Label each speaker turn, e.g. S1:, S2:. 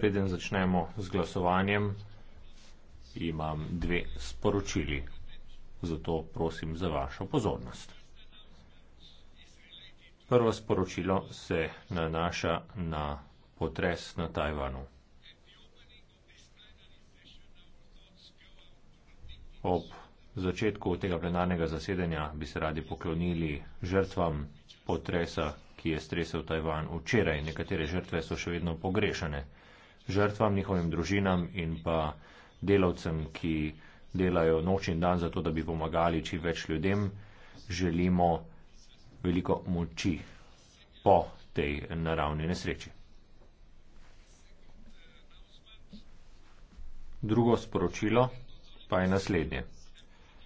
S1: Preden začnemo z glasovanjem, imam dve sporočili, zato prosim za vašo pozornost. Prvo sporočilo se nanaša na potres na Tajvanu. Ob začetku tega plenarnega zasedanja bi se radi poklonili žrtvam potresa, ki je stresel Tajvan včeraj. Nekatere žrtve so še vedno pogrešane žrtvam, njihovim družinam in pa delavcem, ki delajo noč in dan za to, da bi pomagali čim več ljudem, želimo veliko moči po tej naravni nesreči. Drugo sporočilo pa je naslednje.